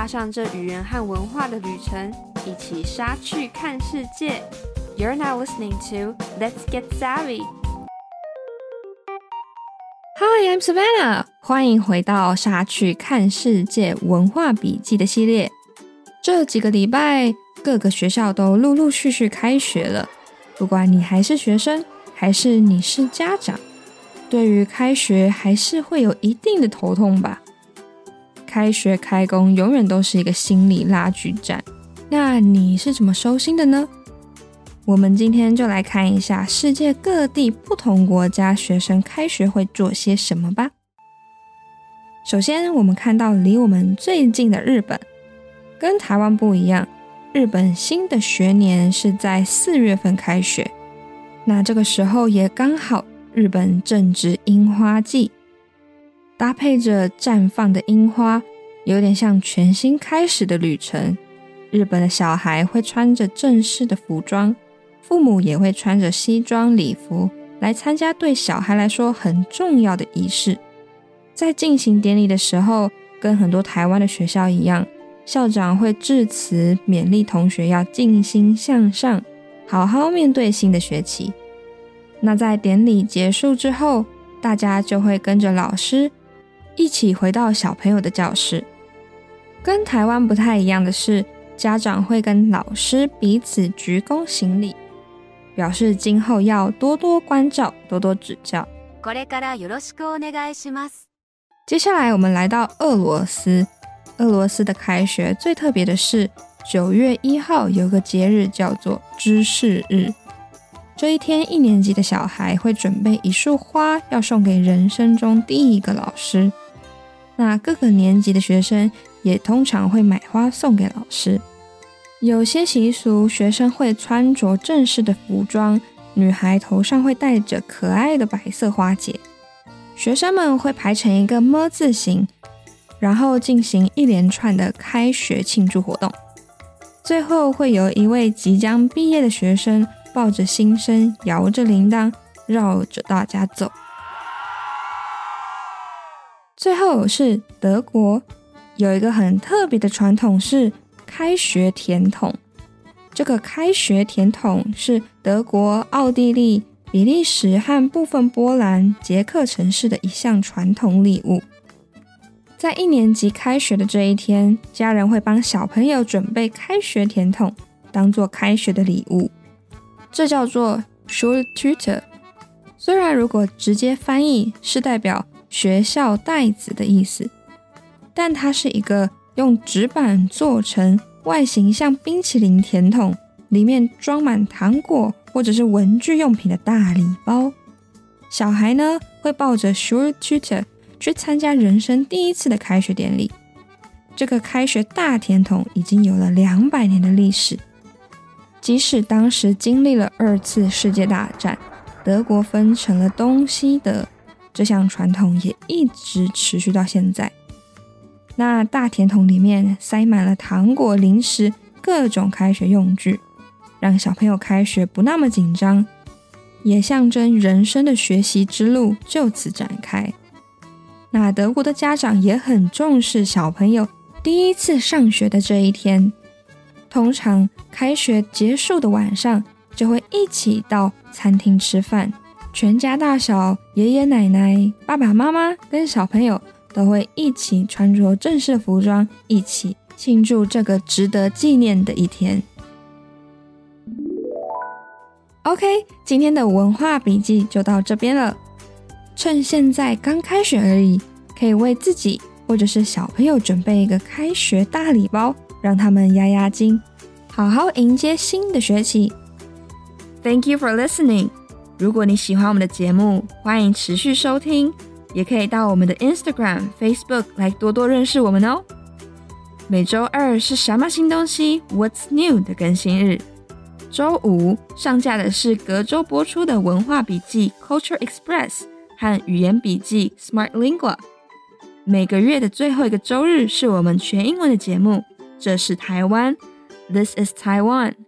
踏上這語言和文化的旅程，一起莎去看世界。You're now listening to Let's Get Savvy. Hi, I'm Savannah. 歡迎回到《莎去看世界文化筆記》的系列。這幾個禮拜，各個學校都陸陸續續開學了。不管你還是學生，還是你是家長，對於開學還是會有一定的頭痛吧。開學開工永遠都是一個心理拉鋸戰，那你是怎麼收心的呢？我們今天就來看一下世界各地不同國家學生開學會做些什麼吧。首先，我們看到離我們最近的日本，跟台灣不一樣，日本新的學年是在四月份開學，那這個時候也剛好，日本正值櫻花季。搭配着綻放的櫻花，有點像全新開始的旅程。日本的小孩會穿着正式的服裝，父母也會穿着西裝禮服來參加對小孩來說很重要的儀式。在進行典禮的時候，跟很多台灣的學校一樣，校長會致辭，勉勵同學要盡心向上，好好面對新的學期。那在典禮結束之後，大家就會跟着老師。一起回到小朋友的教室。跟台灣不太一樣的是，家長會跟老師彼此鞠躬行禮，表示今後要多多關照，多多指教。接下來我們來到俄羅斯。俄羅斯的開學最特別的是，九月一號有個節日叫做知識日。這一天，一年級的小孩會準備一束花，要送給人生中第一個老師。那各個年級的學生也通常會買花送給老師。有些習俗，學生會穿着正式的服裝，女孩頭上會戴着可愛的白色花結。學生們會排成一個“麼”字形，然後進行一連串的開學慶祝活動。最後會由一位即將畢業的學生抱着新生，搖着鈴鐺，繞着大家走。最後是德國，有一個很特別的傳統，是開學甜筒。這個開學甜筒是德國、奧地利、比利時和部分波蘭、捷克城市的一項傳統禮物。在一年級開學的這一天，家人會幫小朋友準備開學甜筒，當做開學的禮物。這叫做 Schultüte。雖然如果直接翻譯是代表。學校袋子的意思，但它是一個用紙板做成、外形像冰淇淋甜筒、裡面裝滿糖果或者是文具用品的大禮包。小孩呢，會抱着 Schultüte 去參加人生第一次的開學典禮。這個開學大甜筒已經有了兩百年的歷史，即使當時經歷了二次世界大戰，德國分成了東西德，這項傳統也一直持續到現在。那大甜筒裡面塞滿了糖果、零食、各種開學用具，讓小朋友開學不那麼緊張，也象徵人生的學習之路就此展開。那德國的家長也很重視小朋友第一次上學的這一天，通常開學結束的晚上就會一起到餐廳吃飯。全家大小、爺爺奶奶、爸爸媽媽跟小朋友都會一起穿着正式服裝，一起慶祝這個值得紀念的一天。OK，今天的文化筆記就到這邊了。趁現在剛開學而已，可以為自己或者是小朋友準備一個開學大禮包，讓他們壓壓驚，好好迎接新的學期。Thank you for listening. 如果你喜歡我們的節目，歡迎持續收聽，也可以到我們的 Instagram、Facebook 來多多認識我們哦。每周二是什麼新東西？What's New 的更新日。周五上架的是隔周播出的文化筆記 Culture Express 和語言筆記 Smart Lingua。每個月的最後一個周日是我們全英文的節目，這是台灣，This is Taiwan。